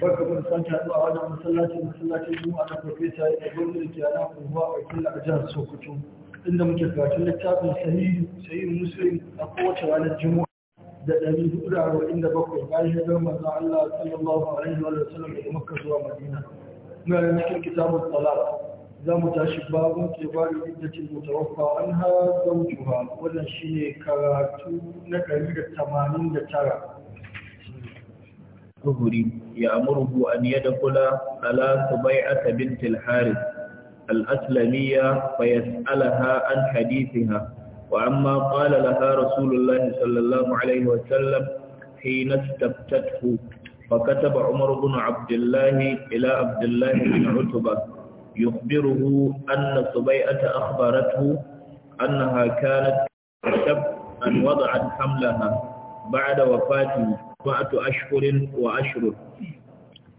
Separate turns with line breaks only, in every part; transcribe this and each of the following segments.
barka mun sake haɗuwa wajen masallacin masallacin juma'a na profesa ya gwamnati da ke ana unguwa a kila a jihar sokoto inda muke karatun littafin sahihu sahihu muslim a kowace ranar juma'a da ɗari hudu da arba'in da bakwai bayan hijirar manzon allah sallallahu alaihi wa sallam daga makka zuwa madina muna da cikin kitabun talaq za mu tashi babun kibarin iddatin mutawaffa an ha zaujuha wannan shine karatu na ɗari da tamanin da tara
الزهري يأمره أن يدخل على سبيعة بنت الحارث الأسلمية فيسألها عن حديثها وعما قال لها رسول الله صلى الله عليه وسلم حين استفتته فكتب عمر بن عبد الله إلى عبد الله بن عتبة يخبره أن سبيعة أخبرته أنها كانت تشب أن وضعت حملها بعد وفاته أربعة أشهر وأشهر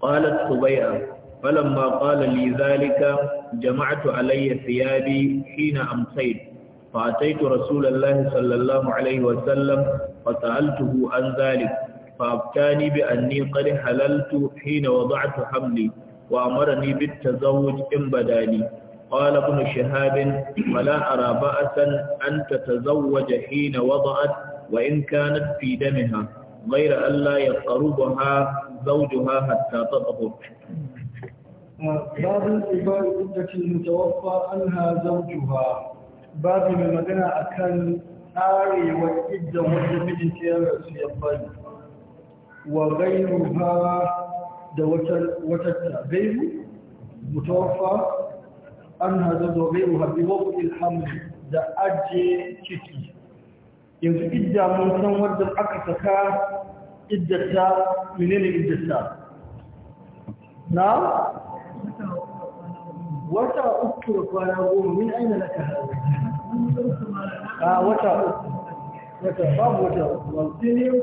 قالت خبيئة فلما قال لي ذلك جمعت علي ثيابي حين أمسيت فأتيت رسول الله صلى الله عليه وسلم فسألته عن ذلك فأبتاني بأني قد حللت حين وضعت حملي وأمرني بالتزوج إن بداني قال ابن شهاب فلا أرى بأسا أن تتزوج حين وضعت وإن كانت في دمها غير ألا يقربها زوجها حتى تطهر
باب الإباء التي المتوفى عنها زوجها باب من مدنة أكان آري وإدى وجبه تيارة سيطان وغيرها وتتع غير متوفى عنها زوجها غيرها بوضع الحمل da ajiye ciki yanzu idda mun san wadda aka saka iddata menene iddata na wata uku da kwana goma min aina na ka hau
a wata uku
wata babu wata uku ba su ne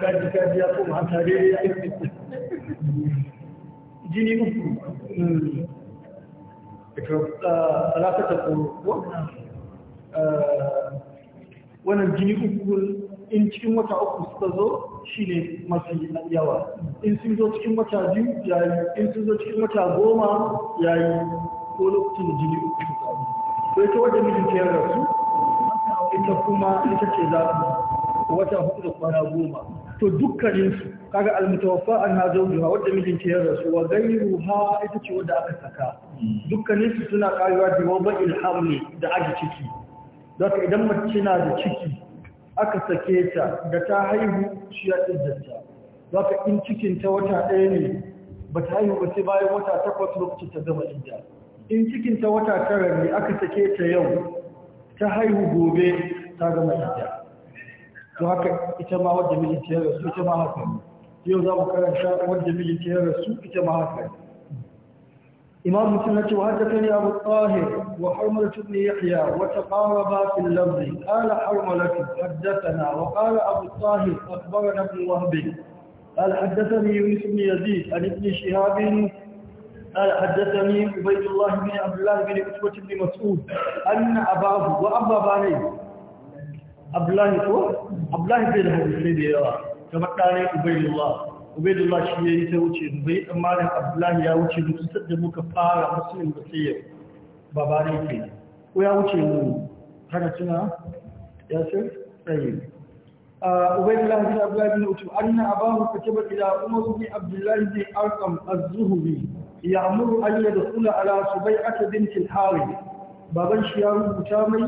kaji kaji ya kuma a tare da ya jini uku da ka tsalata ta koro ko wannan jini uku in cikin wata uku suka zo shi ne mafi yawa in sun zo cikin wata biyu yayi in sun zo cikin wata goma yayi ko lokacin jini uku suka zo sai ta wadda mijin ta yarda su ita kuma ita ce za ku wata hudu da kwana goma to dukkaninsu kaga almutawaffa an na zaujuha wadda mijin ta yarda su wa gairu ha ita ce wadda aka saka hmm. dukkaninsu suna karewa da wabba ilhamni da aji ciki zaka idan mace na da ciki aka sake ta da ta haihu shi ya tsiddanta zaka in cikin ta wata ɗaya ne ba ta haihu ba sai bayan wata takwas lokacin ta gama ita, in cikin ta wata tara ne aka sake ta yau ta haihu gobe ta gama ita, to haka ita ma wadda mijinta ya rasu ita ma haka yau za mu karanta wadda mijinta ya rasu ita ma haka ne. إمام مسلم وحدثني أبو الطاهر وحرملة بن يحيى وتقاربا في اللفظ قال حرملة حدثنا وقال أبو الطاهر أخبرنا ابن وهب قال حدثني يونس بن يزيد عن ابن شهاب قال حدثني عبيد الله بن عبد الله بن عتبة بن مسعود أن أباه وأبا بنيه عبد الله هو عبد الله بن الحارث بن كما قال عبيد الله ubaidullah shi ya yi ta wuce bai dan malam abdullahi ya wuce mu tun da muka fara muslim da sai yau babare ke ko ya wuce mu kana tuna ya sai tsaye ubaidullah bin abdullahi bin utum anna abahu kataba ila umar bin abdullahi bin arqam az-zuhri ya'muru an yadkhula ala bai bint al-harith baban shi ya rubuta mai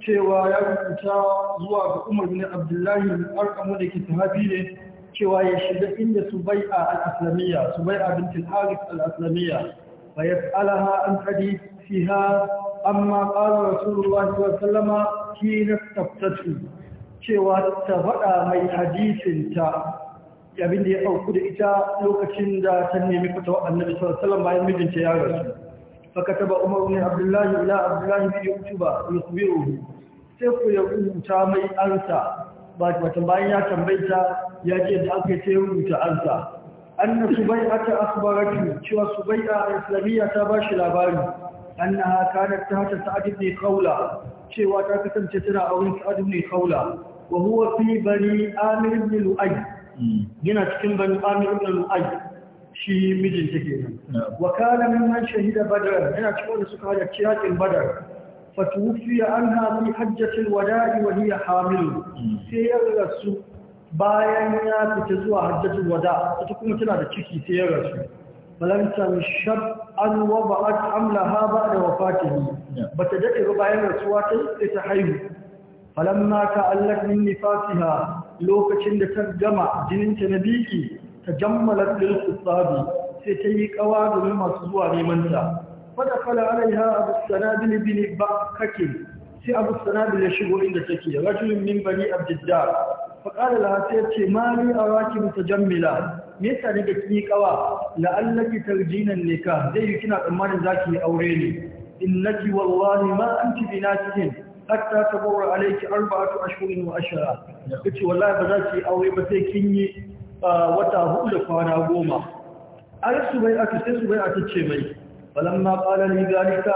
cewa ya rubuta zuwa ga umar bin abdullahi al'arƙamu da ke sahabi ne cewa ya shiga inda su Subai'a al-Aslamiyya Subai'a bint al-Harith al-Aslamiyya fa yas'alaha an hadith fiha amma qala Rasulullah sallallahu alaihi wasallam kina taftatu cewa ta faɗa mai hadisin ta abin da ya auku da ita lokacin da ta nemi fatawa Annabi sallallahu alaihi bayan mijinta ya rasu فكتب عمر بن عبد الله الى عبد الله بن Sai ku ya يقول mai انسى watan bayan ya tambaita ya ce da aka ce rubuta ansa anna subai'ata akhbaratu cewa subai'a islamiyya ta bashi labari annaha kanat tahta sa'd ibn khawla cewa ta kasance tana auren sa'd ibn khawla wa huwa fi bani amir ibn lu'ay yana cikin bani amir ibn lu'ay shi mijin take nan wa kana mimman shahida badar yana cikin wanda suka halarci yakin badar فتوفي عنها في حجة الوداع hamilu حامل ya rasu bayan ya fita zuwa hajjacin wada ta kuma tana da ciki sai ya rasu balantan shab an amla amlaha ba'da wafatihi bata daɗe ba bayan rasuwa ta sai ta haihu mata ta'allat min nifasiha lokacin da ta gama jininta na na biki tajammalat lil qusabi sai ta yi kawa domin masu zuwa neman ta fada fada alaiha abu sanadi ne bini ba kake sai abu sanadi shigo inda take ya rashin yin min bani abdidda ya ce ma ni a raki mata jammila me ta ne da kini kawa la'allaki tarjinan ne ka zai yi kina tsammanin za ki yi aure ne in naki wallahi ma an ci ta bora alaiki arba'atu ashirin wa ashara ya ce wallahi ba za ki yi aure ba sai kin yi wata hudu da kwana goma a yi su bai ake mai falamma qala li zalika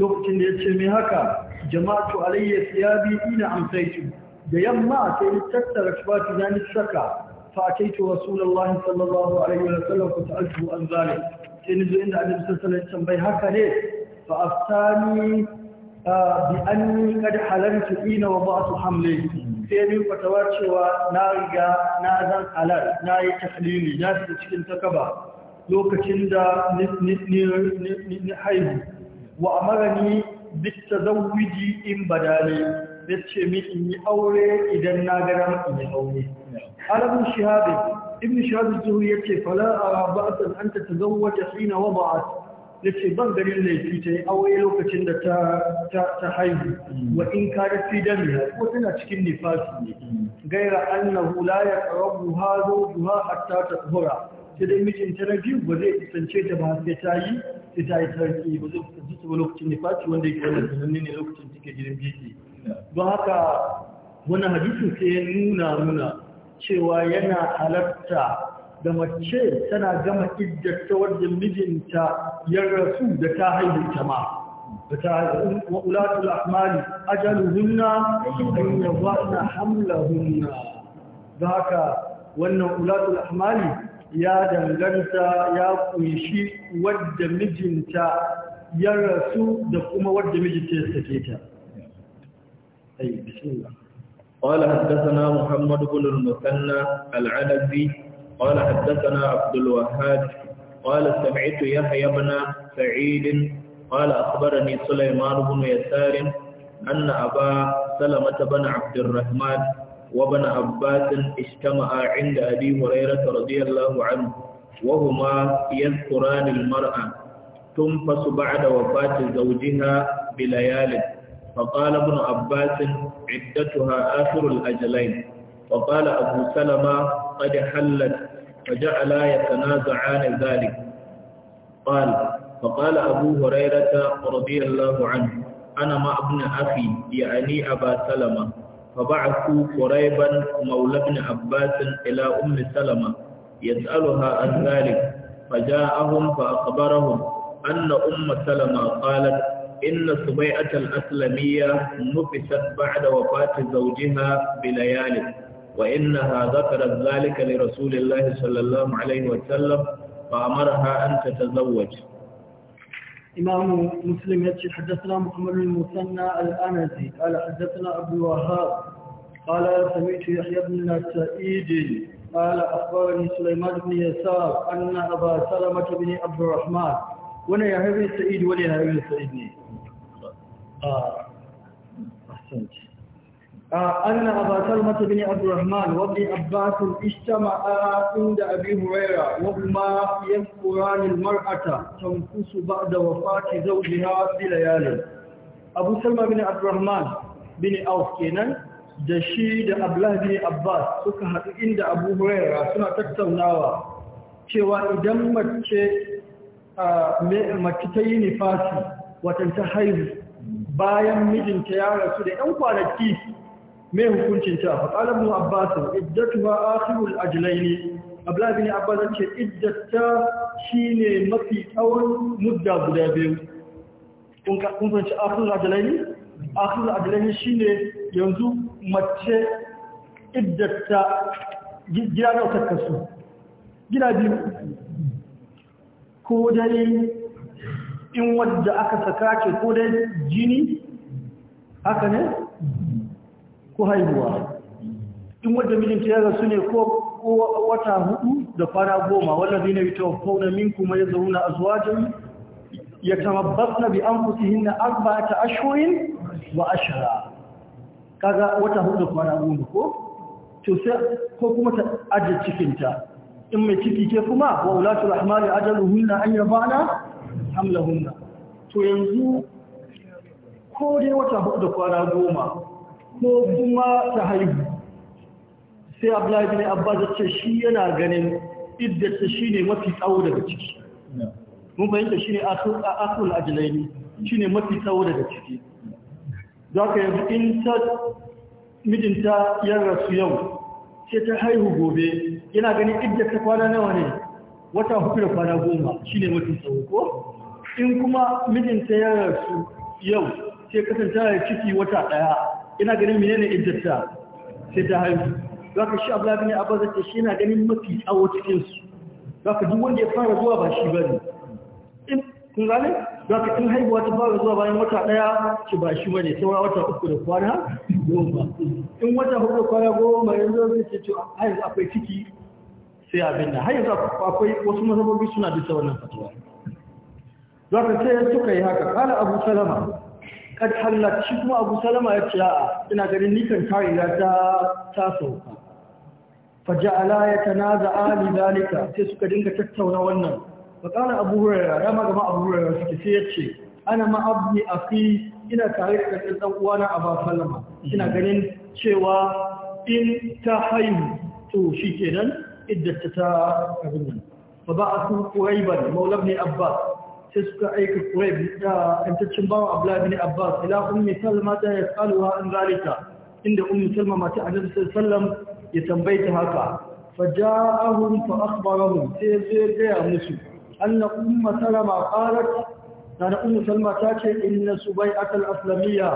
lokacin da yace me haka jama'atu alayya thiyabi ina amsaitu da yamma sai ni tattara tufati na ni saka fa ataitu rasulullahi sallallahu alaihi wa sallam fa sa'altu an zalik sai ni zo inda annabi sallallahu alaihi wasallam bai haka ne fa aftani bi anni qad halantu ina wa ba'tu hamli sai ni fatawa cewa na riga na zan halal na yi tahlili na cikin takaba lokacin da ni haihu wa amarani bitta zawiji in badale ya ce min in yi aure idan na gara in yi aure
alamun shahabin
ibn shahabin zuhu ya ce fala a rabatan an ta tazawwaja hina wa ba'at ya ce ban ganin laifi ta yi aure lokacin da ta haihu mm. wa in kare fi damiya ko tana cikin nifasi ne mm. gaira annahu la ya karabu ha zo hatta ta sai dai mijinta na biyu ba zai kusance ta ba sai ta yi sai ta yi sarki ba zai kusance ta ba lokacin da nifasi wanda yake wannan sananne ne lokacin
take jirin jiki
don haka wani hadisin sai ya nuna nuna cewa yana halarta da mace tana gama iddata wajen mijinta ya rasu da ta haihu ta ma da ta haihu ulatul ahmali ajaluhunna an hamla hamlahunna haka wannan ulatul ahmali ya danganta ya kunshi wadda mijinta ya rasu da kuma
wadda mijinta ya sake ta. Ayi, bismillah. Kwala haddasa Muhammad Gunnar Musanna al’adabi, kwala haddasa na Abdul Wahad, kwala sam'itu ya sa'idin, kwala asibara Sulaiman Gunnar Yassarin, an na a Salamata bana Abdul Rahman. وابن عباس اجتمع عند أبي هريرة رضي الله عنه وهما يذكران المرأة تنفس بعد وفاة زوجها بليال فقال ابن عباس عدتها آخر الأجلين وقال أبو سلمة قد حلت فجعلا يتنازعان ذلك قال فقال أبو هريرة رضي الله عنه أنا مع ابن أخي يعني أبا سلمة فبعثوا قريبا مولى بن عباس إلى أم سلمة يسألها عن ذلك فجاءهم فأخبرهم أن أم سلمة قالت إن سبيعة الأسلمية نفست بعد وفاة زوجها بليالي وإنها ذكرت ذلك لرسول الله صلى الله عليه وسلم فأمرها أن تتزوج
إمام مسلم يتشي حدثنا محمد المثنى الأنسي قال حدثنا أبو الوهاب قال سمعت يحيى بن سعيد قال أخبرني سليمان بن يسار أن أبا سلمة بن عبد الرحمن وانا يحيى بن سعيد ولي يحيى بن سعيد آه. أحسنت أن أبا سلمة بن عبد الرحمن وابن عباس اجتمعا عند أبي هريرة وهما يذكران المرأة تنفس بعد وفاة زوجها بليال أبو سلمة بن عبد الرحمن بن أوف كينان da shi da Abdullah bin Abbas suka haɗu inda Abu suna tattaunawa cewa idan mace mace ta yi nifasi watan ta haihu bayan mijinta ya rasu da ɗan kwanaki mai hukuncin ta fa qala ibn abbas iddatuha akhirul ne. abla bin abbas ce iddata ne mafi tsawon mudda guda biyu kun ka kun fanci akhirul ajlaini ne shi ne yanzu mace iddata gida da ta kasu gida biyu ko dai in wadda aka saka ce ko dai jini haka ne ko haihuwa in wadda mijinta ya rasu ne ko wata hudu da kwana goma wallazi ne yatawaffawna minkum wa yazruna azwajan yatarabbasna bi an anfusihinna ta ashhurin wa ashra kaga wata hudu da kwana goma ko to sai ko kuma ta ajiye cikinta, in mai ciki ke kuma wa ulatul ahmali ajaluhunna an yabana hamlahunna to yanzu ko dai wata hudu da kwana goma ko kuma ta haihu sai abdullahi ne abbas ya ce shi yana ganin iddarsa shi ne mafi tsawo daga ciki mun fahimta shi ne asul ajilaini shi ne mafi tsawo daga ciki za ka yanzu in ta mijinta ya rasu yau sai ta haihu gobe yana ganin iddarsa kwana nawa ne wata hudu da kwana goma shi ne mafi tsawo ko in kuma mijinta ya rasu yau sai kasance ciki wata ɗaya ina ganin menene iddarta sai ta haihu zaka shi Abdullah bin Abbas ce shi na ganin mafi tsawo cikin su zaka duk wanda ya fara zuwa ba shi bane in kun gane zaka kin haihuwa ta fara zuwa bayan wata daya ci ba shi bane sai wata uku da kwana goma in wata uku da kwana goma yanzu zai ce to ai akwai ciki
sai abin nan har yanzu akwai
wasu mazhabobi suna bisa wannan fatuwa zaka sai suka yi haka kala Abu Salama kad hallat shi kuma abu salama ya ce a'a ina ganin nikan ta ta ta sauka faja'ala ya tanaza ali dalika sai suka dinga tattauna wannan fa kana abu hurairah ma gama abu hurairah suke sai ana ma abni afi ina tare da ɗan ɗan uwana abu salama ina ganin cewa in ta haihu to shi kenan iddata ta abin nan fa ba a su quraiban maulab ne abbas sai suka aika Quraib da antaccin bawa Abdullah bin Abbas ila ummi Salma ta yasaluha an zalika inda ummi Salma mata Annabi sallallahu Sallam, ya tambaye ta haka faja'ahum fa akhbarahum sai ya gaya musu anna umma Salma qalat dana ummi Salma ta ce inna subai'at al-aslamiyya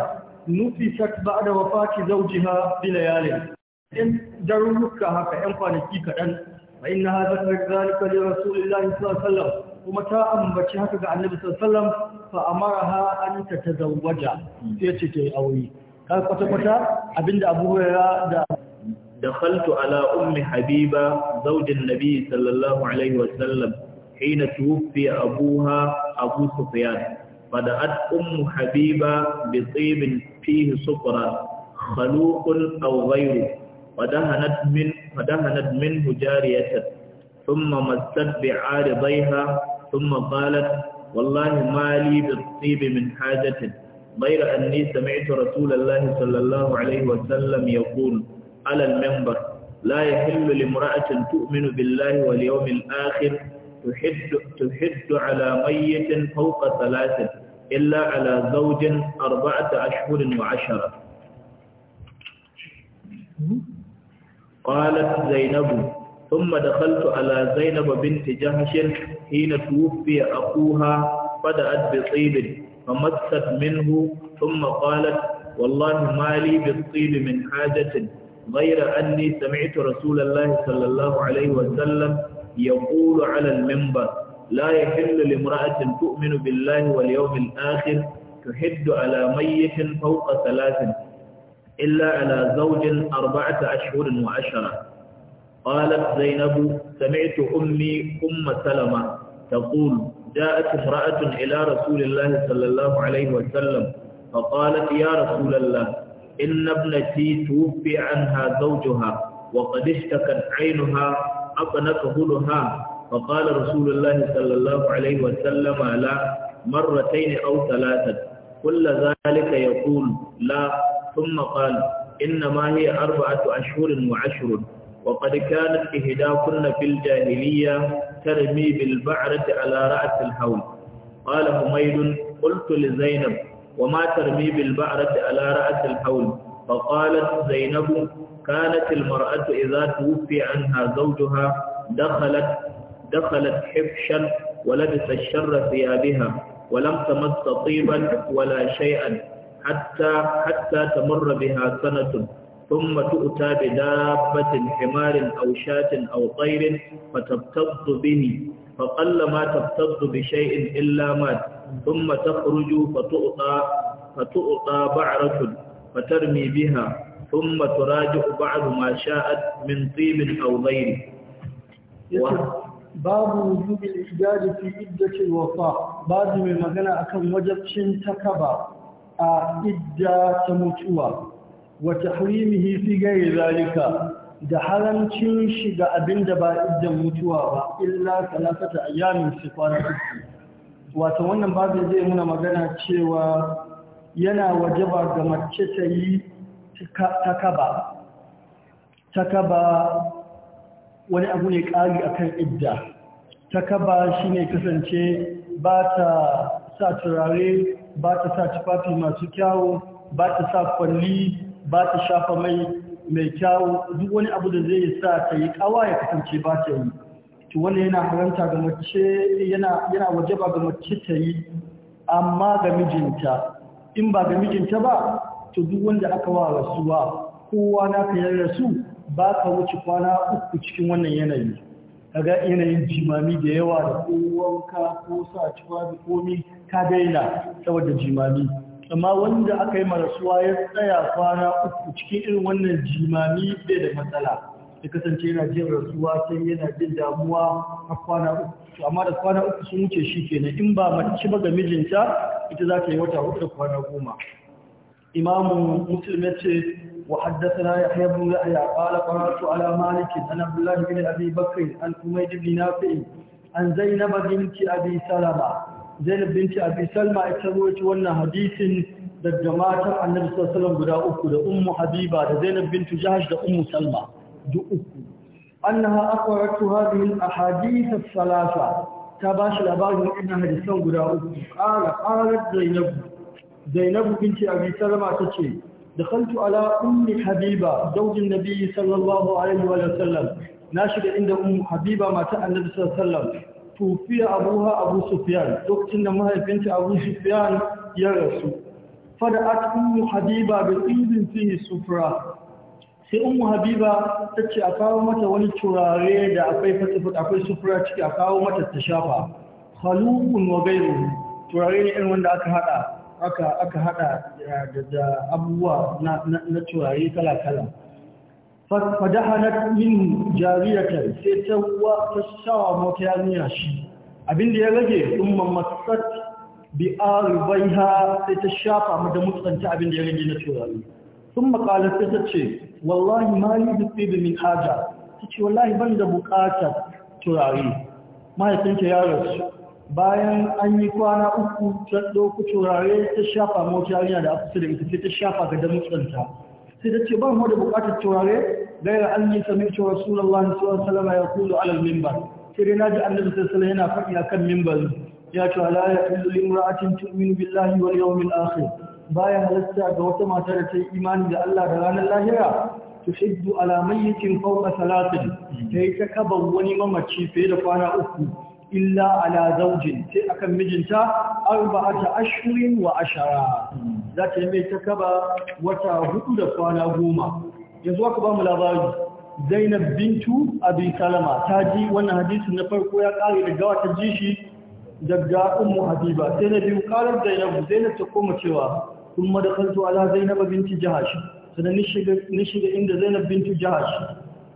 nufisat ba'da wafati zawjiha bi layalin in daruruka haka yan kwanaki kadan fa inna hadha zalika li rasulillahi sallallahu alaihi wasallam kuma ta ambaci haka ga annabi sallallahu fa amaraha an ta
tazawwaja sai ce ta yi aure ka kwata kwata abinda Abu Hurairah da dakhaltu ala ummi Habiba zawjin Nabi sallallahu alaihi wasallam hina tuwfi abuha Abu Sufyan fada'at ummu Habiba bi tibin fihi sukra khaluqun aw ghayru fadahanat min fadahanat minhu jariyatan ثم مست بعارضيها ثم قالت والله ما لي بالطيب من حاجة غير أني سمعت رسول الله صلى الله عليه وسلم يقول على المنبر لا يحل لامرأة تؤمن بالله واليوم الآخر تحد, تحد على ميت فوق ثلاثة إلا على زوج أربعة أشهر وعشرة قالت زينب ثم دخلت على زينب بنت جهش حين توفي أخوها فدأت بطيب فمست منه ثم قالت والله ما لي بالطيب من حاجة غير أني سمعت رسول الله صلى الله عليه وسلم يقول على المنبر لا يحل لامرأة تؤمن بالله واليوم الآخر تحد على ميت فوق ثلاث إلا على زوج أربعة أشهر وعشرة قالت زينب سمعت أمي أم سلمة تقول جاءت امرأة إلى رسول الله صلى الله عليه وسلم فقالت يا رسول الله إن ابنتي توفي عنها زوجها وقد اشتكت عينها أقنت هلها فقال رسول الله صلى الله عليه وسلم لا مرتين أو ثلاثة كل ذلك يقول لا ثم قال إنما هي أربعة أشهر وعشر وقد كانت إهداكن في الجاهلية ترمي بالبعرة على رأس الحول قال حميد قلت لزينب وما ترمي بالبعرة على رأس الحول فقالت زينب كانت المرأة إذا توفي عنها زوجها دخلت دخلت حفشا ولبس الشر ثيابها ولم تمس طيبا ولا شيئا حتى حتى تمر بها سنة ثم تؤتى بدابة حمار أو شاة أو طير فتبتض به فقل ما تبتض بشيء إلا مات ثم تخرج فتؤطى, فتؤطى بعرة فترمي بها ثم تراجع بعض ما شاءت من طيب أو غيره و...
باب وجوب الإحجاج في عدة الوفاة بعد ما مغنى أكم وجب شن تكبا عدة تموتوا wa tahrimihi fi ghayri zalika da haramcin shi ga abinda ba idan mutuwa ba illa salasata ayyamin fi wato wannan babin zai muna magana cewa yana wajaba ga mace ta yi takaba takaba wani abu ne kari akan idda takaba shine kasance ba ta sa turare ba ta sa tufafi masu kyawu ba ta sa kwalli ba ta shafa mai mai kyawu duk wani abu da zai sa ta yi kawa ya kasance ba ta yi to wannan yana haranta ga mace yana yana wajaba ga mace ta yi amma ga mijinta in ba ga mijinta ba to duk wanda aka wa rasuwa kowa na ka yarda su ba ka wuce kwana uku cikin wannan yanayi kaga yanayin jimami da yawa da kowanka ko sa tuwa komi ka daina saboda jimami amma wanda aka yi marasuwa ya tsaya kwana uku cikin irin wannan jimami bai da matsala ya kasance yana jin rasuwa sai yana jin damuwa a kwana uku amma da kwana uku sun wuce shi kenan in ba mace ba ga mijinta ita za ta yi wata hudu da kwana goma imamu muslim ya ce wa haddathana yahya ibn yahya qala qara'tu ala malik an abdullah ibn abi bakr an umayd ibn nafi' an zainab binti abi salama Zainab binti Abi Salma ita wuce wannan hadisin daga matan Annabi sallallahu guda uku da Ummu Habiba da Zainab bintu Jahsh da Ummu Salma duk uku. Annaha aqratu hadhihi al-ahadith ath-thalatha ta bashi labarin wannan hadisan guda uku. Qala qalat Zainab Zainab binti Abi Salma tace دخلت ala ummi Habiba زوج النبي صلى الله عليه وسلم ناشد عند أم حبيبة ما تأى النبي صلى الله عليه وسلم tufiya abuha abu sufiyan lokacin da mahaifinta abu sufiyan ya rasu fada at ummu habiba da izin fihi sufra sai ummu habiba ta ce a kawo mata wani turare da akwai fatifat akwai sufra ciki a kawo mata ta shafa khaluqun wa ghayruhu turare ne irin wanda aka hada aka hada da abubuwa na turare kala kala fadahanat min jariyata sai ta wa ta shawa mota yarinya shi abinda ya rage umma masat bi arbaiha sai ta shafa mu da mutsanta abinda ya rage na turare sun makalar sai ta ce wallahi ma yi da min haja ta ce wallahi ban da bukatar turare mahaifinta ya rasu bayan an yi kwana uku ta ɗauku turare ta shafa mota yarinya da aka da ita sai ta shafa ga da mutsanta sai ta ce ba mu da bukatar turare gaira an yi sami'tu rasulullahi sallallahu alaihi wasallam ya kulu alal memba. sai dai naji annabi sallallahu yana faɗi akan mimbar ya ce la ya illu limra'atin tu'minu billahi wal yawmil akhir bayan halatta ga wata mata da ta yi imani da Allah da ranar lahira tuhiddu ala mayyitin fawqa salatin sai ta kaban wani mamaci fiye da kwana uku illa ala zaujin sai akan mijinta arba'ata ashirin wa ashara za ta yi mai takaba wata hudu da kwana goma yanzu aka ba mu labari zainab bintu abi salama ta ji wannan hadisin na farko ya kare daga wata ji shi daga ummu habiba sai na biyu karar zainab zainab ta koma cewa kun madakaltu ala zainab binti jahash sannan ni shiga inda zainab bintu jahash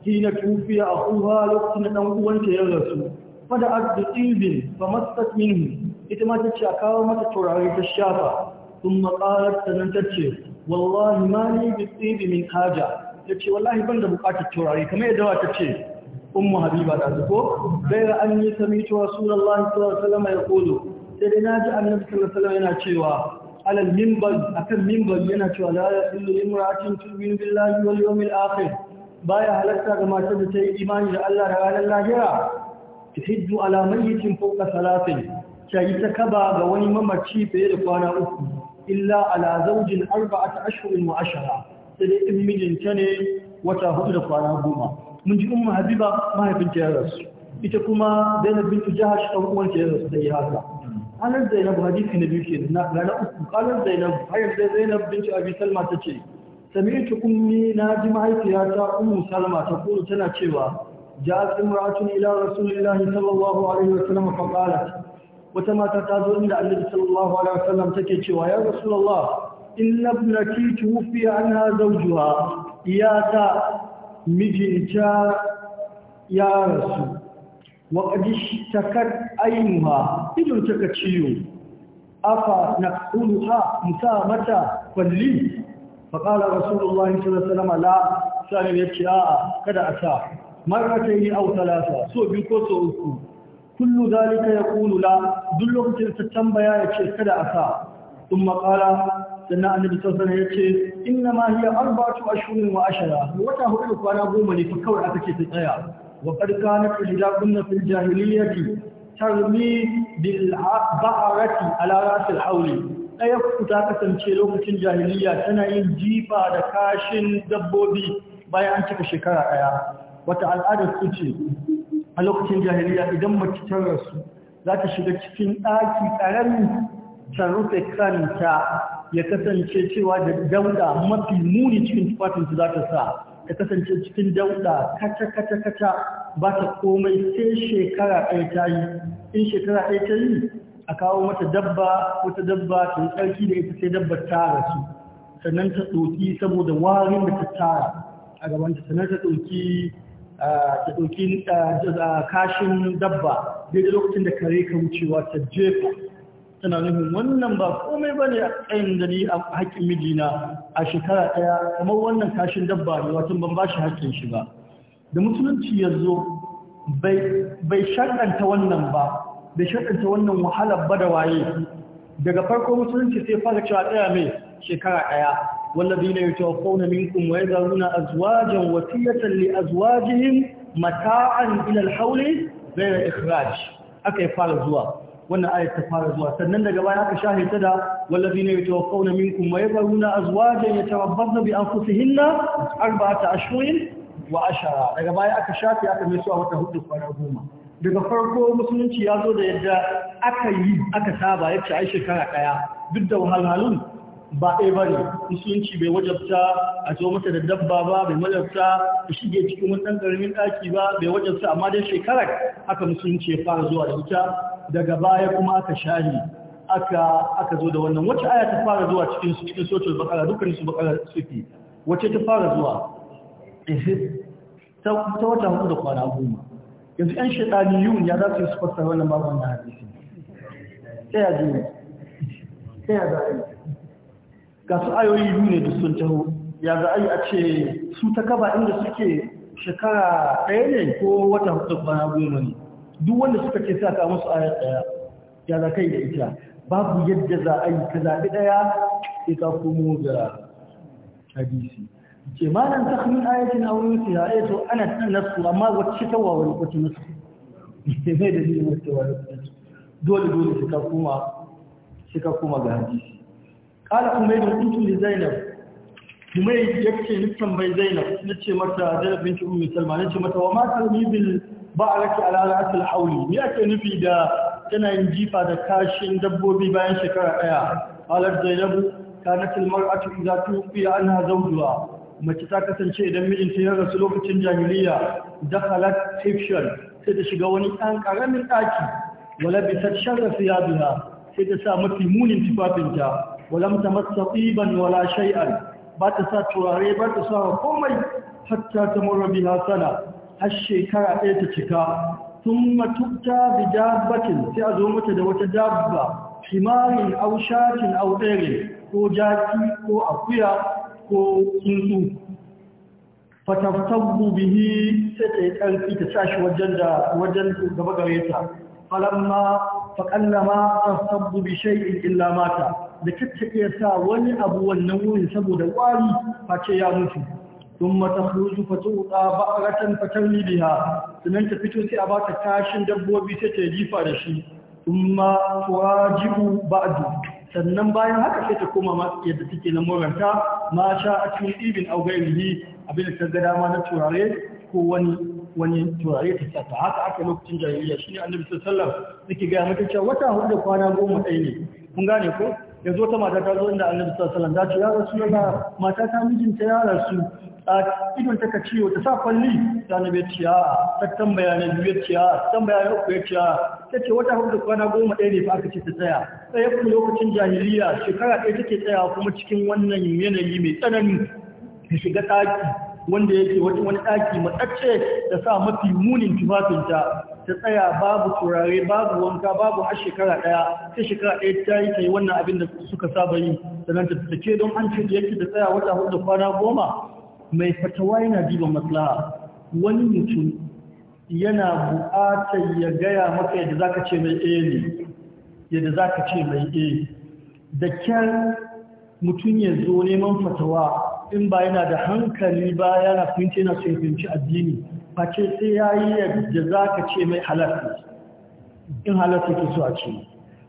hina tufiya akuha lokacin da dan uwanta ya rasu fada'at bi tibin fa massat minhu ita ma ce a kawo mata turare ta shafa thumma qalat ta tace wallahi ma li bi tibi min haja tace wallahi ban da bukatar turare kamar yadda wata ce ummu habiba da ko an yi samitu rasulullahi sallallahu alaihi ya yaqulu sai dai naji annabi sallallahu alaihi yana cewa alal minbar akan minbar yana cewa la yahillu imra'atin tu'minu billahi wal yawmil akhir baya halatta ga matar da ta yi imani da Allah da ranar lahira tuhiddu ala mayyitin fawqa salatin kai ta kaba ga wani mamaci fiye da kwana uku illa ala zawjin arba'ata ashhurin wa ashara sai dai in mijinta ne wata hudu da kwana goma mun ji ummu habiba mahaifinta ya rasu ita kuma zainab bintu jahash dan uwanta ya rasu dai haka qalat zainab hadisi na biyu kenan na na uku qalat zainab hayar da zainab bintu abi salma tace ta ummi na ji mahaifiyata ummu salma ta kulu tana cewa جاءت امرأة إلى رسول الله صلى الله عليه وسلم فقالت وتما تتازو إلى النبي صلى الله عليه وسلم تكيتشي يا رسول الله إن ابنتي توفي عنها زوجها إياتا مجنتا يا رسول وقد اشتكت أينها إذن تكتشيو أفا نقولها مسامة فلي فقال رسول الله صلى الله عليه وسلم لا سالم يبكي آآ كذا أساعد marratayn aw thalatha so biyu ko so uku kullu zalika ya la duk lokacin ta tambaya yace kada a sa Tun qala sannan annabi sallallahu alaihi wasallam yace inna ma hiya arba'atu ashhurin wa ashara wata hudu da kwana goma ne fa kawai aka ce ta tsaya wa qad kanat ihdakunna fil jahiliyyati tarmi bil ba'arati ala ras ɗaya ku ta kasance lokacin jahiliya tana yin jifa da kashin dabbobi bayan an cika shekara ɗaya wata al'adar su ce a lokacin jahiliya idan mace ta rasu za ta shiga cikin ɗaki ƙarami ta rufe kanta ya kasance cewa da dauda mafi muni cikin tufafinsu za ta sa ya kasance cikin dauda kata-kata-kata ba ta komai sai shekara ɗaya ta yi in shekara ɗaya ta yi a kawo mata dabba wata dabba ta yi tsarki da ita sai dabba ta rasu sannan ta ɗoki saboda warin da ta tara a gabanta sannan ta ɗoki ta ɗauki kashin dabba daidai lokacin da kare ka wucewa ta jefa tana nufin wannan ba komai ba ne a tsayin gani a haƙƙin mijina a shekara ɗaya kamar wannan kashin dabba ne watan ban ba shi haƙƙin shi ba da musulunci ya zo bai shaɗanta wannan ba bai shaɗanta wannan wahalar ba da waye daga farko musulunci sai fara cewa ɗaya mai shekara ɗaya والذين يتوفون منكم ويذرون أزواجا وسية لأزواجهم متاعا إلى الحول غير إخراج أكي فارزوا wannan ayat ta fara zuwa sannan daga baya aka shahita da wallazina yatawaffawna minkum wa yadhuruna azwajan yatarabbasna bi anfusihinna arba'ata ashhurin wa ashara daga baya aka shafi aka mai suwa wata hudu kwana goma daga farko musulunci ya zo da yadda aka yi aka saba ya ce ai shekara daya duk da wahalhalun ba ɗaya ba ne musulunci bai wajabta a zo mata da dabba ba bai wajabta a shige cikin wani ɗan ƙaramin ɗaki ba bai wajabta amma dai shekarar haka musulunci ya fara zuwa da ita daga baya kuma aka shari aka aka zo da wannan wacce aya ta fara zuwa cikin su cikin sotul bakara dukkan su bakara suke wacce ta fara zuwa ta wata hudu da kwana goma yanzu ƴan shaɗani yun ya za su yi su fassara wannan babban na hadisi sai ya ji
sai ya zaɓi
ga su ayoyi biyu ne duk sun taho ya za a yi a ce su ta kaba inda suke shekara ɗaya ne ko wata hudu bana goma ne duk wanda suka ce sa ka musu ayar ɗaya ya za kai da ita babu yadda za a yi ka zaɓi ɗaya sai ka komo ga hadisi ce ma nan ta hannun ayatin a wurin siya ya eh, to ana tsan nasu amma wacce ta wawa wani kwacin nasu ne da zai wacce wa wani dole dole ka koma ga hadisi ƙala kuma yi mutu ne zainab kuma yi yake nufin bai zainab na ce mata zainab bin ki salma na ce mata wa ma kalmi bil ba a rake alala a tilhauli nufi da tana yin jifa da kashin dabbobi bayan shekara ɗaya halar zainab ta na tilmar a cikin za ta fiye an mace ta kasance idan mijin ta yi rasu lokacin jahiliya da halar sai ta shiga wani ɗan karamin ɗaki wala bisa sharrafi ya biya sai ta sa mafi munin tufafinta walam tamassa ban wala shay'an ba ta sa turare ba ta sa komai hatta ta murra biha sana har shekara ɗaya ta cika sun matukta bi dabbatin sai a zo mata da wata dabba shimarin au shatin au ɗere ko jaki ko akuya ko tsuntsu fataftabu bihi sai ta yi ƙarfi ta sa wajen da wajen gaba gareta ta falamma faƙallama taftabu bi illa mata da tattaɓe ya sa wani abu wannan wurin saboda ƙwari face ya mutu sun ba fatuqa ba'ratan fatar biha sunan ta fito sai a ba ta kashin dabbobi sai ta jifa da shi thumma tuwajibu ba'du sannan bayan haka sai ta koma ma yadda take lamuranta ma sha a cikin ibin au gairihi abin da ta ga dama na turare ko wani wani turare ta sata haka aka lokacin jahiliya shine annabi sallallahu alaihi wasallam yake ga mata cewa wata hudu da kwana goma ɗaya ne kun gane ko yanzu wata mata ta zo inda annabi sallallahu alaihi wasallam ta ce ya da mata ta mijinta ya rasu a idon ta ka ciwo ta sa kwalli ta nabe ciya ta tambaya ne biyu ciya tambaya ne uku ciya ta ce wata hudu kwana goma ɗaya ne fa aka ce ta tsaya tsaye kuma lokacin jahiliya shekara ɗaya take tsaya kuma cikin wannan yanayi mai tsanani ta shiga ɗaki wanda yake wani daki matsacce da sa mafi munin tufafinta ta tsaya babu turare babu wanka babu har shekara ɗaya sai shekara ɗaya ta yi ta wannan abin da suka saba yi sannan ta take don an ce da yake da tsaya wata hudu kwana goma mai fatawa yana diban maslaha wani mutum yana buƙatar ya gaya maka yadda za ce mai a ne yadda za ce mai a da kyar mutum ya zo neman fatawa in ba yana da hankali ba yana finci na finci addini face sai ya yi yadda za ka ce mai halatta in halatta ke so a ce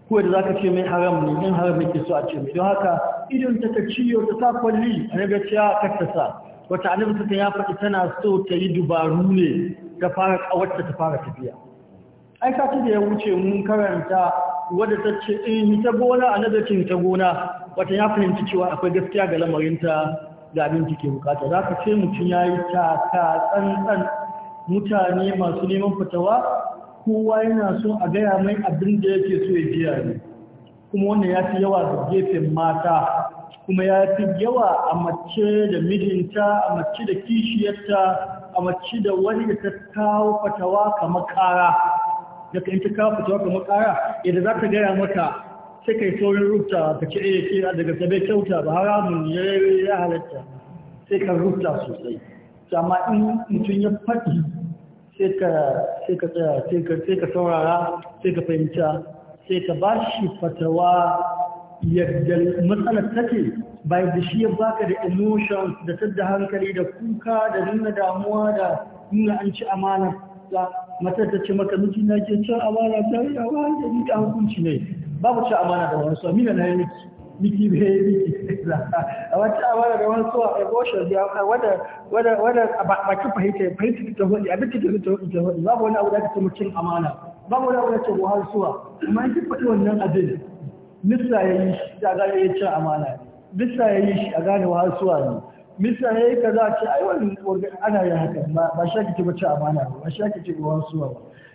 ko yadda za ka ce mai haram ne in haram ne ke so a ce mai don haka idon ta ta ciyo ta sa kwalli a daga cewa ah, kattasa wata annabi ta ya faɗi tana so ta yi dubaru ne ta fara kawarta ta fara tafiya ai ka da ya wuce mun karanta wadda ta ce eh, in ta gona a annabi ta gona wata ya fahimci cewa akwai gaskiya ga lamarinta da abin ke bukata za ka ce mutum ya yi taka tsantsan mutane masu neman fitawa kowa yana so a gaya mai abin da yake so ya biya ne kuma wannan ya fi yawa da gefen mata kuma ya fi yawa a mace da mijinta a mace da kishiyarta a mace da wani da ta kawo fatawa kamar kara da ka ta kawo fatawa kamar kara yadda za gaya mata sai kai saurin rubuta ka ce eh ke daga sabai kyauta ba haramun ya ya halatta sai ka rubuta sosai amma in mutum ya faɗi sai ka tsaya sai ka saurara sai ka fahimta sai ka ba shi fatawa yadda matsalar take bayan da shi ya baka da emotions da sadda hankali da kuka da nuna damuwa da nuna an ci amana matar ta ce maka miji na ke cin amana ta yi a wajen da hukunci ne babu ci amana da wani suwa na na yi miki miki bai miki a wata amana da wani suwa a goshen ya kai wadda wadda wadda bakin fahimta fahimta ta hudu abin da ta hudu ta hudu babu wani abu da ta mutum amana babu wani abu da ta buhar suwa amma yi kin faɗi wannan abin nisa ya yi shi a gane ya ci amana nisa ya yi shi a gane wahar suwa ne misa ya yi a ce ai wani ana yin haka ba shi ake ce ba amana ba ba shi ake ce ba wasu ba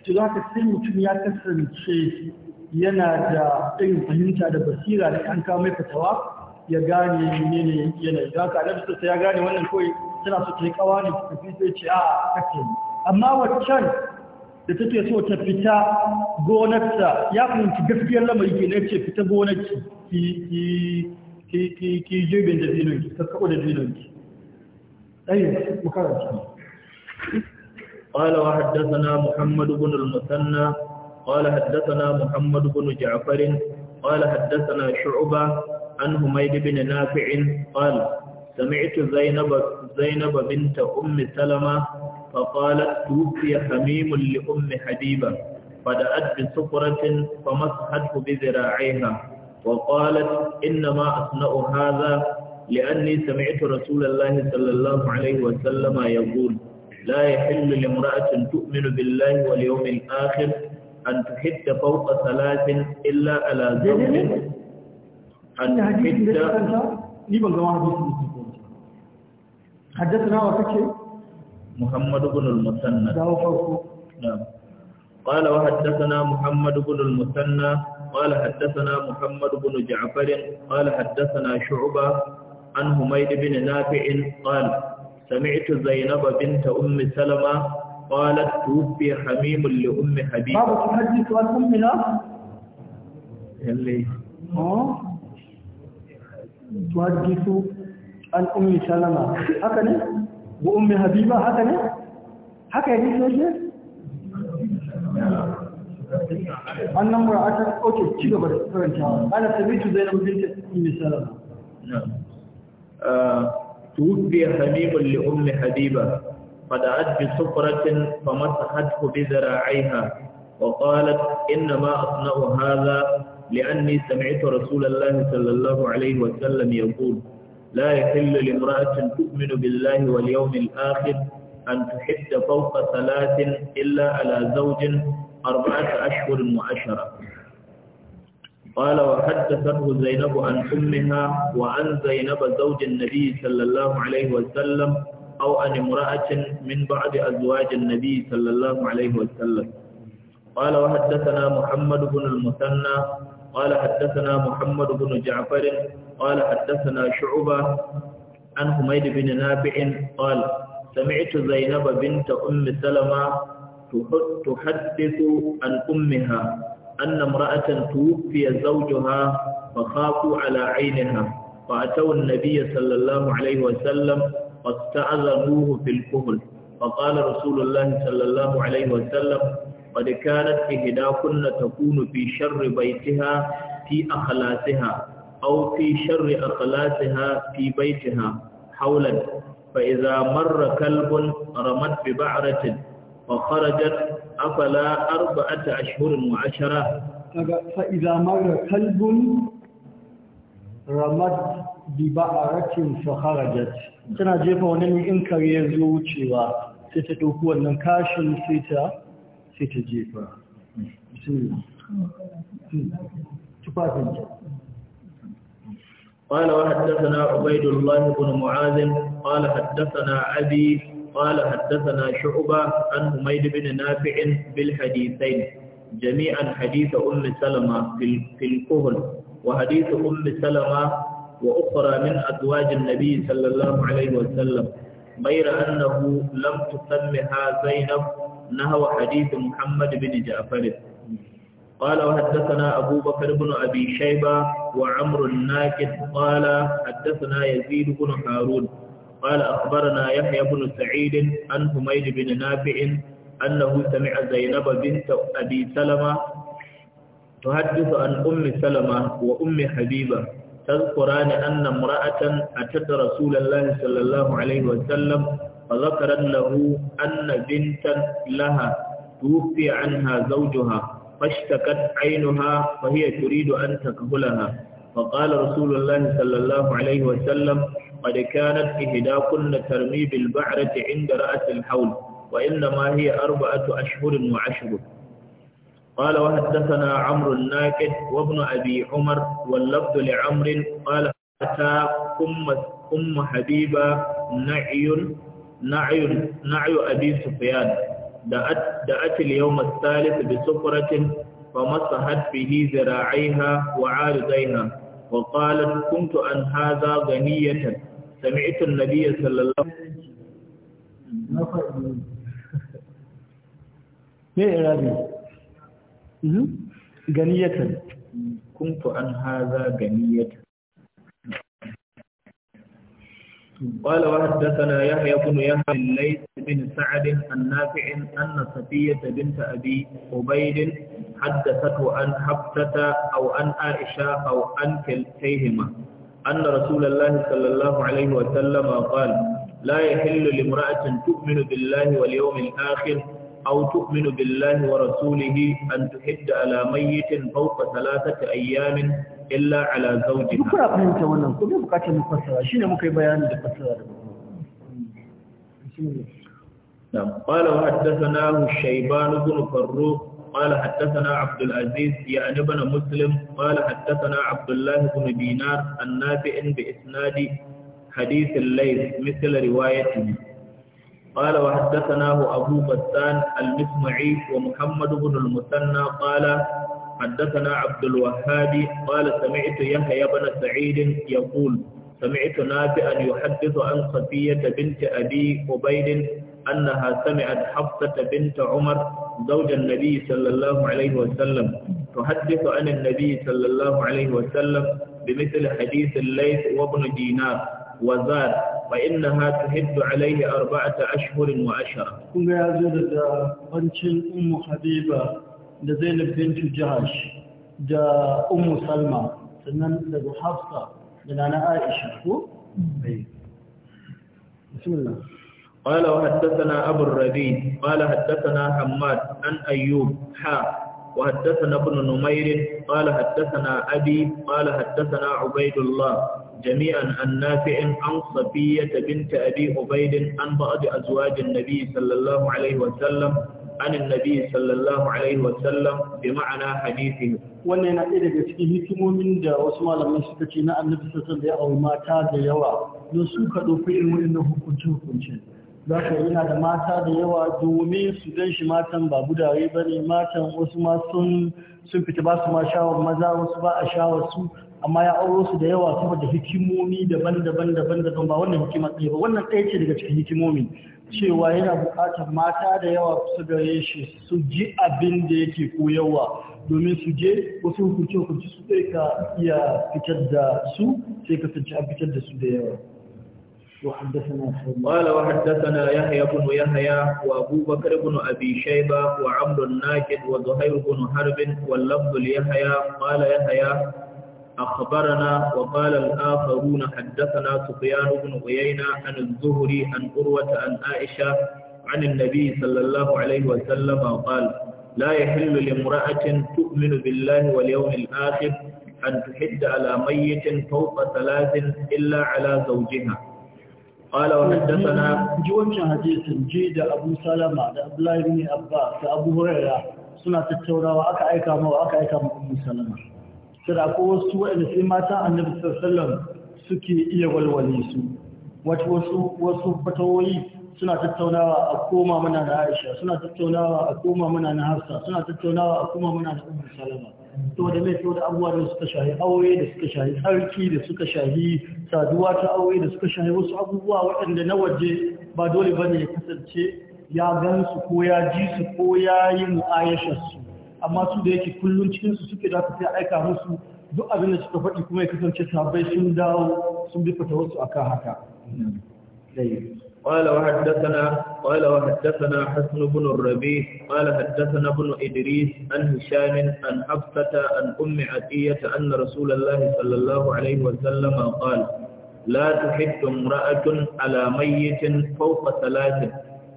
ce za ka sai mutum ya kasance yana da irin fahimta da basira da an kawo mai fatawa ya gane menene yanayi za ka annabi sai ya gane wannan kawai tana so ta yi kawa ne ta sai ce a kake amma waccan da take so ta fita gonarsa ya fahimci gaskiyar lamari ke ce fita gonarki ki ki ki
ki jibin da zinonki ka kabo da zinonki ayi mu karanta قال وحدثنا محمد بن المثنى قال حدثنا محمد بن جعفر قال حدثنا شعبة عن هميد بن نافع قال سمعت زينب, زينب بنت أم سلمة فقالت توفي حميم لأم حبيبة فدأت بسفرة فمسحته بذراعيها وقالت إنما أصنع هذا لأني سمعت رسول الله صلى الله عليه وسلم يقول لا يحل لامرأة تؤمن بالله واليوم الآخر an tuhidda fawqa salatin illa ala zawjin an tuhidda ni ban ga wani hadisi ne ko musanna da wafu na'am qala wa hadathana muhammad ibn al-musanna qala hadathana muhammad ibn ja'far qala hadathana shu'ba an humayd ibn nafi' قالت توفي حميم لأم حبيبة بابا تحدث
عن أم لا اللي تحدث عن أم سلمة هكذا وأم حبيبة هكذا
هكذا يجب
أن امرأة أوكي تجيب بس أنا سميت ما بنت أم سلمة
نعم آه، توفي حميم لأم حبيبة فدعت بسفرة فمسحته بذراعيها وقالت إنما أصنع هذا لأني سمعت رسول الله صلى الله عليه وسلم يقول لا يحل لامرأة تؤمن بالله واليوم الآخر أن تحد فوق ثلاث إلا على زوج أربعة أشهر وعشرة قال وحدثته زينب عن أمها وعن زينب زوج النبي صلى الله عليه وسلم أو عن امرأة من بعد أزواج النبي صلى الله عليه وسلم قال وحدثنا محمد بن المثنى قال حدثنا محمد بن جعفر قال حدثنا شعبة عن حميد بن نافع قال سمعت زينب بنت أم سلمة تحدث عن أمها أن امرأة توفي زوجها فخافوا على عينها فأتوا النبي صلى الله عليه وسلم فاستعذبوه في الكهل فقال رسول الله صلى الله عليه وسلم قد كانت إهداكن تكون في شر بيتها في أخلاتها أو في شر أخلاتها في بيتها حولا فإذا مر كلب رمت ببعرة فخرجت أفلا أربعة أشهر وعشرة
فإذا مر كلب رمت bi ba'aratin fa kharajat tana jefa wani ne in kare ya zo wucewa sai ta dauki wannan kashin sai ta sai ta jefa
tufafin ta
قال وحدثنا عبيد الله بن معاذ قال حدثنا أبي قال حدثنا شعبة عن حميد بن نافع بالحديثين جميعا حديث أم سلمة في الكهل وحديث أم سلمة وأخرى من أزواج النبي صلى الله عليه وسلم غير أنه لم تسمها زينب نهو حديث محمد بن جعفر قال وحدثنا أبو بكر بن أبي شيبة وعمر الناكد قال حدثنا يزيد بن هارون قال أخبرنا يحيى بن سعيد عن حميد بن نافع أنه سمع زينب بنت أبي سلمة تحدث عن أم سلمة وأم حبيبة تذكران أن امرأة أتت رسول الله صلى الله عليه وسلم فذكرت له أن بنتا لها توفي عنها زوجها فاشتكت عينها فهي تريد أن تكهلها فقال رسول الله صلى الله عليه وسلم قد كانت إهداكن ترمي بالبعرة عند رأس الحول وإنما هي أربعة أشهر وعشر قال وحدثنا عمرو الناكد وابن أبي عمر واللفظ لعمر قال أتى أم حبيبة نعي نعي نعي أبي سفيان دأت, دأت اليوم الثالث بسفرة فمسحت به ذراعيها وعارضيها وقالت كنت عن هذا غنية سمعت النبي صلى الله عليه وسلم ganiyatan كنت عن هذا ganiyatan قال وحدثنا يحيى بن يحيى الليث بن سعد النافع أن صفية بنت أبي عبيد حدثته عن حفصة أو عن عائشة أو عن كلتيهما أن رسول الله صلى الله عليه وسلم قال لا يحل لامرأة تؤمن بالله واليوم الآخر أو تؤمن بالله ورسوله أن تحد على ميت فوق ثلاثة أيام إلا على زوجها كنا
فهمت وانا كنا بقاتل مفسرة شنو مكي بيان لفسرة
نعم قال وحدثناه الشيبان بن فروق قال حدثنا عبد العزيز يعني بن مسلم قال حدثنا عبد الله بن دينار النافع بإسناد حديث الليل مثل روايته قال وحدثناه أبو بستان المسمعي ومحمد بن المثنى قال حدثنا عبد الوهاب قال سمعت يحيى بن سعيد يقول سمعت نافعا يحدث عن صفية بنت أبي عبيد أنها سمعت حفصة بنت عمر زوج النبي صلى الله عليه وسلم تحدث عن النبي صلى الله عليه وسلم بمثل حديث الليث وابن دينار وزاد وإنها تهد عليه أربعة أشهر وعشرة
كم يا دا بنشن أم حبيبة دا بنت جهش جا أم سلمى سنن دا حفصة من أنا عائشة
أيوه. بسم الله قال وحدثنا أبو الربيع قال حدثنا حماد عن أيوب حا وحدثنا ابن نمير قال حدثنا أبي قال حدثنا عبيد الله جميعا عن نافع عن صفية بنت أبي عبيد عن بعض أزواج النبي صلى الله عليه وسلم عن النبي صلى الله عليه وسلم بمعنى حديثه
wannan yana ɗaya daga cikin hikimomin da wasu malamai suka ce na annabi sassan da ya auri mata da yawa don su ka ɗauki irin waɗannan hukunce-hukunce za ka yana da mata da yawa domin su gan shi matan ba budare ba ne matan wasu ma sun fita ba su ma shawar maza wasu ba a shawar su amma ya auro su da yawa saboda hikimomi daban-daban daban-daban ba wannan hikima tsaye ba wannan ɗaya ce daga cikin hikimomi cewa yana buƙatar mata da yawa su gare shi su ji abin da yake koyarwa domin su je wasu hukunci hukunci su ɗaya ka iya fitar da su sai ka tsanci an fitar da
su da yawa وحدثنا قال وحدثنا يحيى
بن يحيى وابو بكر بن ابي شيبه وعمرو الناجد وزهير بن حرب واللفظ ليحيى قال يحيى أخبرنا وقال الآخرون حدثنا سفيان بن عيينة عن الزهري عن قروة عن عائشة عن النبي صلى الله عليه وسلم قال لا يحل لامرأة تؤمن بالله واليوم الآخر أن تحد على ميت فوق ثلاث إلا على زوجها قال وحدثنا
جوان حديث جيد أبو سلمة أبو الله بن أباس أبو هريرة سنة التوراة وأكا أيكا وأكا أيكا أم سلمة sira ko wasu waɗanda sai mata annabi sallallahu suke iya walwale su wato wasu wasu fatawoyi suna tattaunawa a koma muna na Aisha suna tattaunawa a koma muna na Hafsa suna tattaunawa a koma muna na Ummu Salama to da mai to da abuwa da suka shahi aure da suka shahi tsarki da suka shahi saduwa ta aure da suka shahi wasu abubuwa waɗanda na waje ba dole bane ya kasance ya gansu ko ya ji su ko ya yi mu'ayashar su amma su da yake kullun cikin su suke da su aika musu duk abin da suka faɗi kuma ya kasance sahabbai sun dawo sun bi fata wasu akan haka
قال وحدثنا قال وحدثنا حسن بن الربيع قال حدثنا ابن إدريس عن هشام عن حفصة عن أم عتية أن رسول الله صلى الله عليه وسلم قال لا تحد امرأة على ميت فوق ثلاث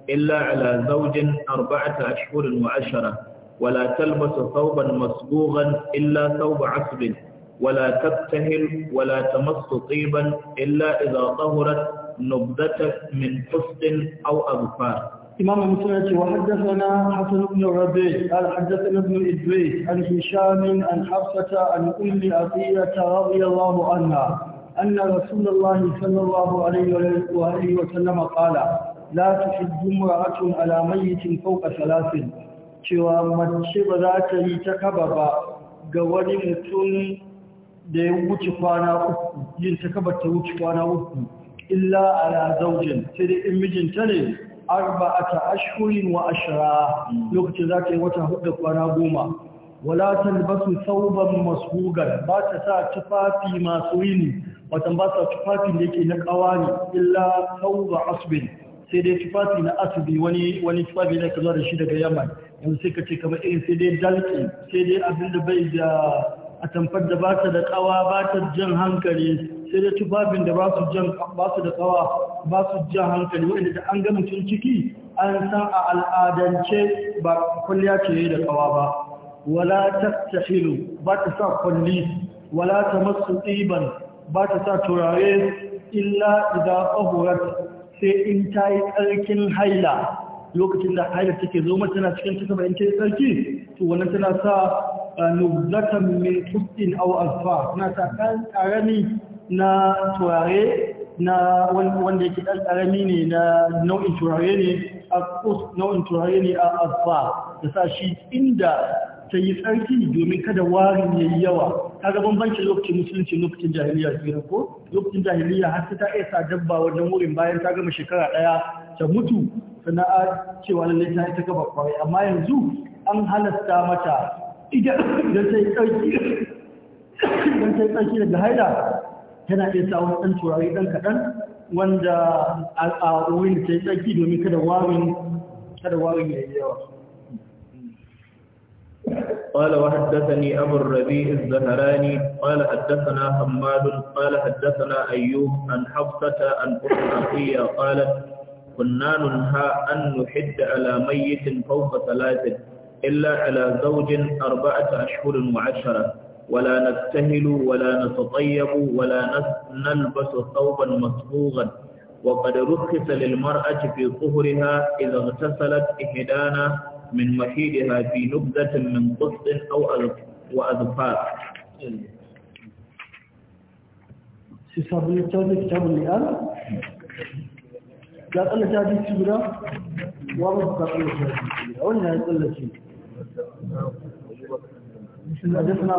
إلا على زوج أربعة أشهر وعشرة ولا تلبس ثوبا مصبوغا إلا ثوب عسل ولا تبتهل ولا تمص طيبا إلا إذا ظهرت نبذتك من حسن أو أغفار
إمام مسلم وحدثنا حسن بن ربيع قال حدثنا ابن إدريس عن هشام عن حفصة عن أم عطية رضي الله عنها أن رسول الله صلى الله عليه وآله وسلم قال لا تحد امرأة على ميت فوق ثلاث cewa mace ba za ta yi ta kaba ba ga wani mutum da ya wuce kwana uku yin ta kaba ta wuce kwana uku illa ala zaujin sai dai in mijinta ne arba'ata ashirin wa ashira. lokacin za ta yi wata hudu kwana goma wala talbasu sauban masbugan ba ta sa tufafi masu yini watan ba sa tufafin da yake na kawani illa sauba asbin sai dai tufafi na asibi wani tufafi na ka zo da shi daga yaman yanzu sai ka ce kamar irin eh, sai dai dalki sai dai abin da bai da a tamfar da ba ta da kawa ba ta jan hankali sai dai tufafin da ba su jan ba su da kawa ba su jan hankali wanda da an ga mutum ciki an san a al'adance ba kwalliya ce da kawa ba wala tastahilu ba ta sa kwalli wala tamassu iban ba ta sa turare illa idza qahurat sai in tayi tsarkin haila lokacin da haila take zo tana cikin cika bayan ta sarki to wannan tana sa ah, nubzatan min tuddin aw azfa tana sa kan karami na turare na wanda yake dan karami ne na nau'in turare ne a kus nau'in turare ne a azfa da sa shi inda ta yi tsarki domin kada warin ya yi yawa kaga bambanci lokacin musulunci lokacin jahiliya kenan ko lokacin jahiliya har ta iya sa dabba wajen wurin bayan ta gama shekara ɗaya ta mutu sana'a cewa lallai ta ta gaba kwarai amma yanzu an halasta mata idan ta yi tsarki daga haida tana iya samun ɗan turare ɗan kaɗan wanda a wurin ta yi tsarki domin kada warin
kada warin ya yi yawa قال وحدثني أبو الربيع الزهراني قال حدثنا حماد قال حدثنا أيوب عن حفصة عن أخرى قالت كنا ننهى أن نحد على ميت فوق ثلاثة إلا على زوج أربعة أشهر وعشرة ولا نبتهل ولا نتطيب ولا نلبس ثوبا مصبوغا وقد رخص للمرأة في ظهرها إذا اغتسلت إحدانا من محيدها في نبذة من قصد أو وأذفار
سيصابي التوبة كتاب الآن قال قلنا تهديد كبيرة ورد
قلنا تهديد كبيرة قلنا تهديد أدفنا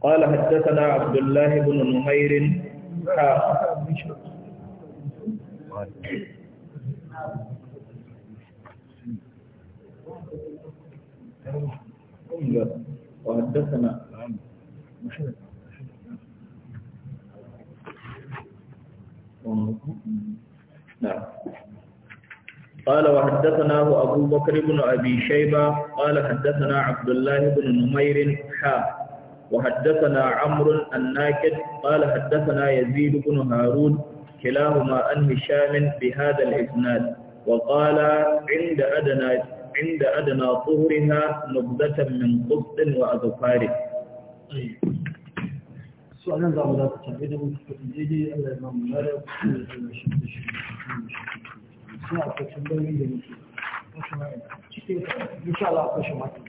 قال حدثنا عبد الله بن نمير
حافظ وحدثنا نعم
قال وحدثناه أبو بكر بن أبي شيبة قال حدثنا عبد الله بن نمير حا وحدثنا عمرو الناكد قال حدثنا يزيد بن هارون كلاهما عن هشام بهذا الإسناد وقال عند أدنى inda adana tsohuriha nubzatan min kudin wa azufari
su anan za mu za ku tafi da mutu daidai allah ya mamu lara kuma da zuwa shi da shi suna kwacin bayan da mutu cikin insha Allah akwai
shi mata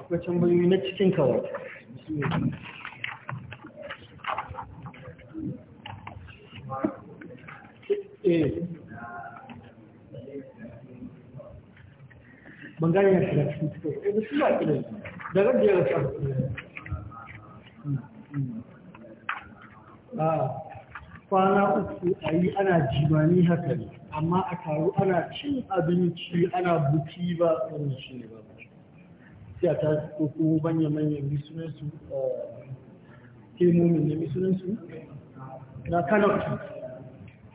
akwai tambayoyi na cikin kawai
ban gane ya shiga cikin cikin eh ba shi ba kidan da ran da ya ah,
kwana uku a yi ana jimani haka ne amma a taru ana cin abinci ana buki ba wani shi ne ba sai a ta koko manya-manyan bisunansu eh, ke mumin na bisunansu na sai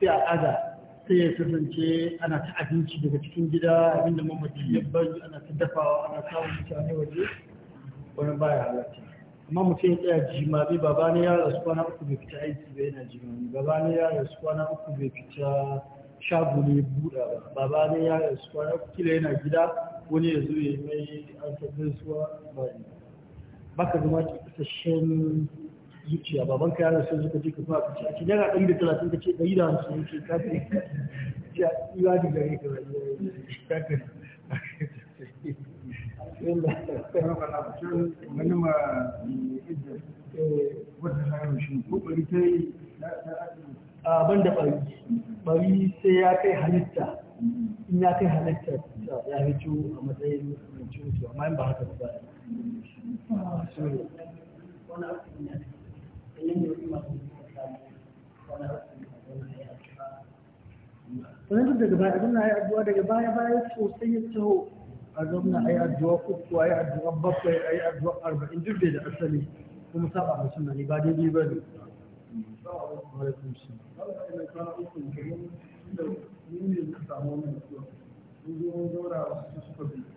a sai ya kasance ana ta abinci daga cikin gida abinda mamaci ya bari ana ta dafawa ana samun mutane waje wani baya halatta amma mutum ya tsaya jimami ba ne ya su kwana uku bai fita aiki ba yana jimami ba ne ya su kwana uku bai fita shago ne buɗa ba baba ne yara su kwana uku kila yana gida wani ya zo ya mai an ta gaisuwa ba ka zama kasashen zuciya baban ka yana sai suka ce ka fara kace ake yana ɗan da talatin ka ce ɗari da hamsin ya ce ce ya iya da gare ka rayuwa ya ce kafin
wani ma eh, wata sayan shi ko bari ta yi
a ban da bari bari sai ya kai halitta in ya kai halitta
ya hito a matsayin mutum amma in ba haka ba ba sannan
daga baya abin na yi addu'a daga baya baya sosai ya taho a zauna a yi addu'a uku a yi addu'a bakwai a
yi addu'a arba'in duk
da asali kuma saba da suna ne ba daidai ba ne
Thank you.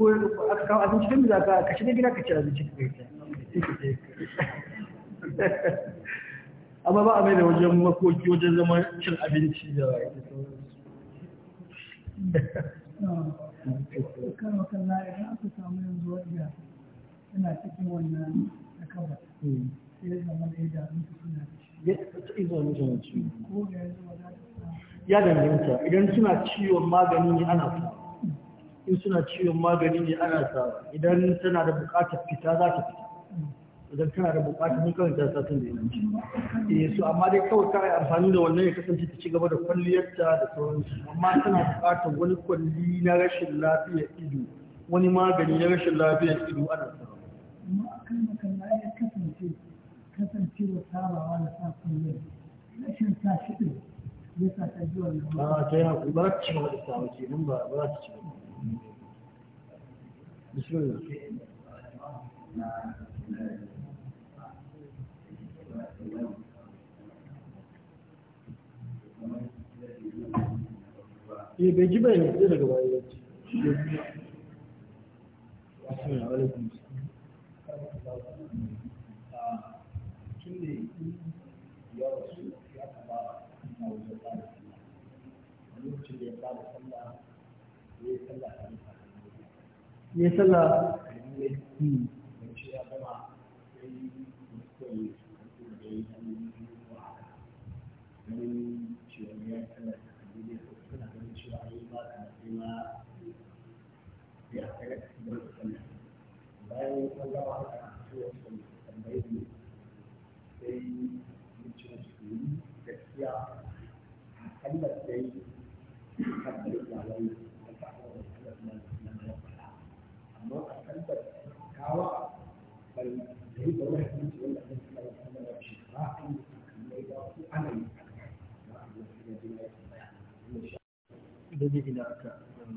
ko aka kawo abinci don za ka ka shiga gida ka ci abinci ka kai, amma ba a mai da wajen makoki wajen zama cin abinci da
kan wakalla idan ya danganta idan
suna ciwon magani ne ana kuma in suna ciwon magani ne ana sawa idan tana da bukatar fita za ta fita idan tana da buƙatar mun ta satin da yanci eh so amma dai kawai ta yi amfani da wannan ya kasance ta ci gaba da kwalliyarta da sauransu amma tana bukatar wani kwalli na rashin lafiyar ido wani magani na rashin lafiyar ido ana sawa
amma akan makalla ya kasance da sabawa da sa kullum rashin sa shi ne ya sa ta ji wannan ba ah, ta yi haƙuri ba za ta ci gaba da sawa nan ba za ta ci gaba بسم الله eh bai ji bai daga ya ya sallah Thank hmm. you. da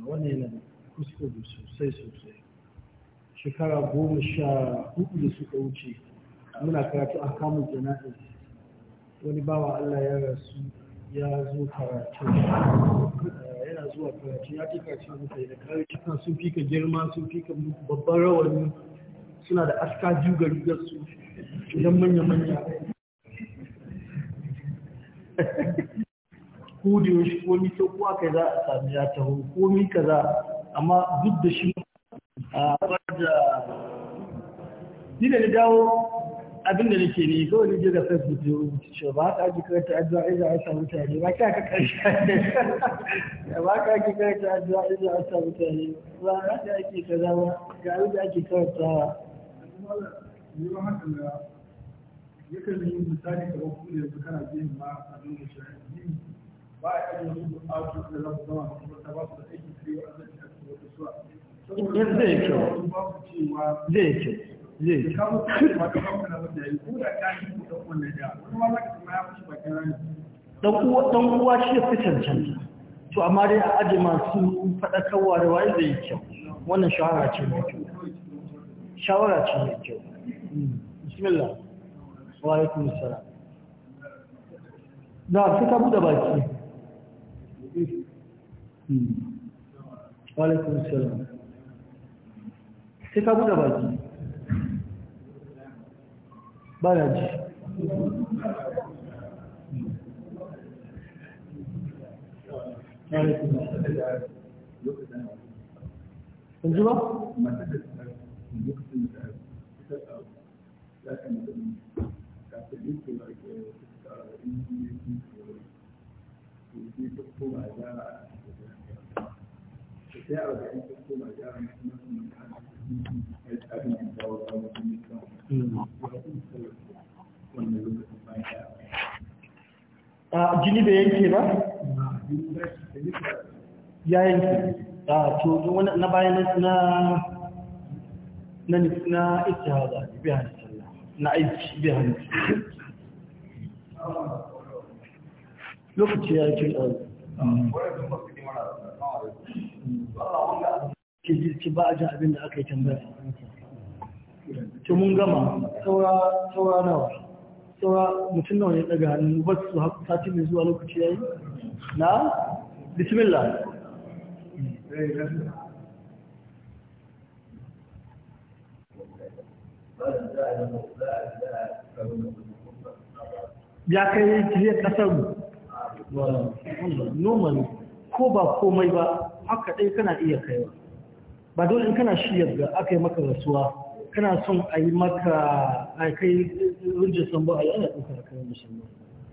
wani a yana kuskure sosai sosai
shekara goma sha hudu da suka wuce muna karatu a kamun wani bawa Allah ya rasu ya zo karatu
yana zuwa karatu ya fi karatu da karatu sun fi ka girma sun fi ka babban rawani suna da aska biyu ga rigar su idan manya-manya ko da yaushe komi ta kuwa kai za a sami ya taho komi ka za amma duk da shi a wadda ni da ni dawo abin da nake ne kawai ni je ga facebook ne rubuta cewa ba ka ake karanta addu'a idan an samu mutane ba ka ka karshe ba ka ake karanta addu'a idan an samu mutane ba ka ake kaza ba ga abin da ake karantawa
yakan yi misali wasu ne kana biyan ba a ba a yi da zama ba su da aiki a wata suwa zai kyau zai kyau zai kyau ka mutu wanda ya yi ko da ka yi ko da da wani ma kuma ya fushi bakin rani
dan uwa shi ya fi cancanta to amma dai a aji masu faɗakarwa da waye zai yi kyau wannan shahara ce mai kyau shawara
ce mai kyau bismillah
wa alaikum assalam da su ka bude baki hmm. wa alaikum assalam sai ka bude baki ba na
ji Yanzu ba? lokacin da ta ya da kafin ba ke in ta ta ta na kuma ta da dawo da ta wannan lokacin ba ya
a jini da yanke ba ya yanke a to na bayan na na na ijtihada bi hannun na aiki bi hannun lokaci ya yi ke jirci ba a jin abin da aka yi tambaya
to mun gama saura nawa
saura mutum nawa ya daga hannu ba su sati mai zuwa lokaci ya yi na bismillah
ya kai jiriyar kasar normal
ko ba komai ba haka ɗai kana iya kaiwa ba dole in kana shi
yadda aka yi maka rasuwa kana son a yi maka a kai eh, eh, rinjin sambo a yi ana ɗaukar kayan musamman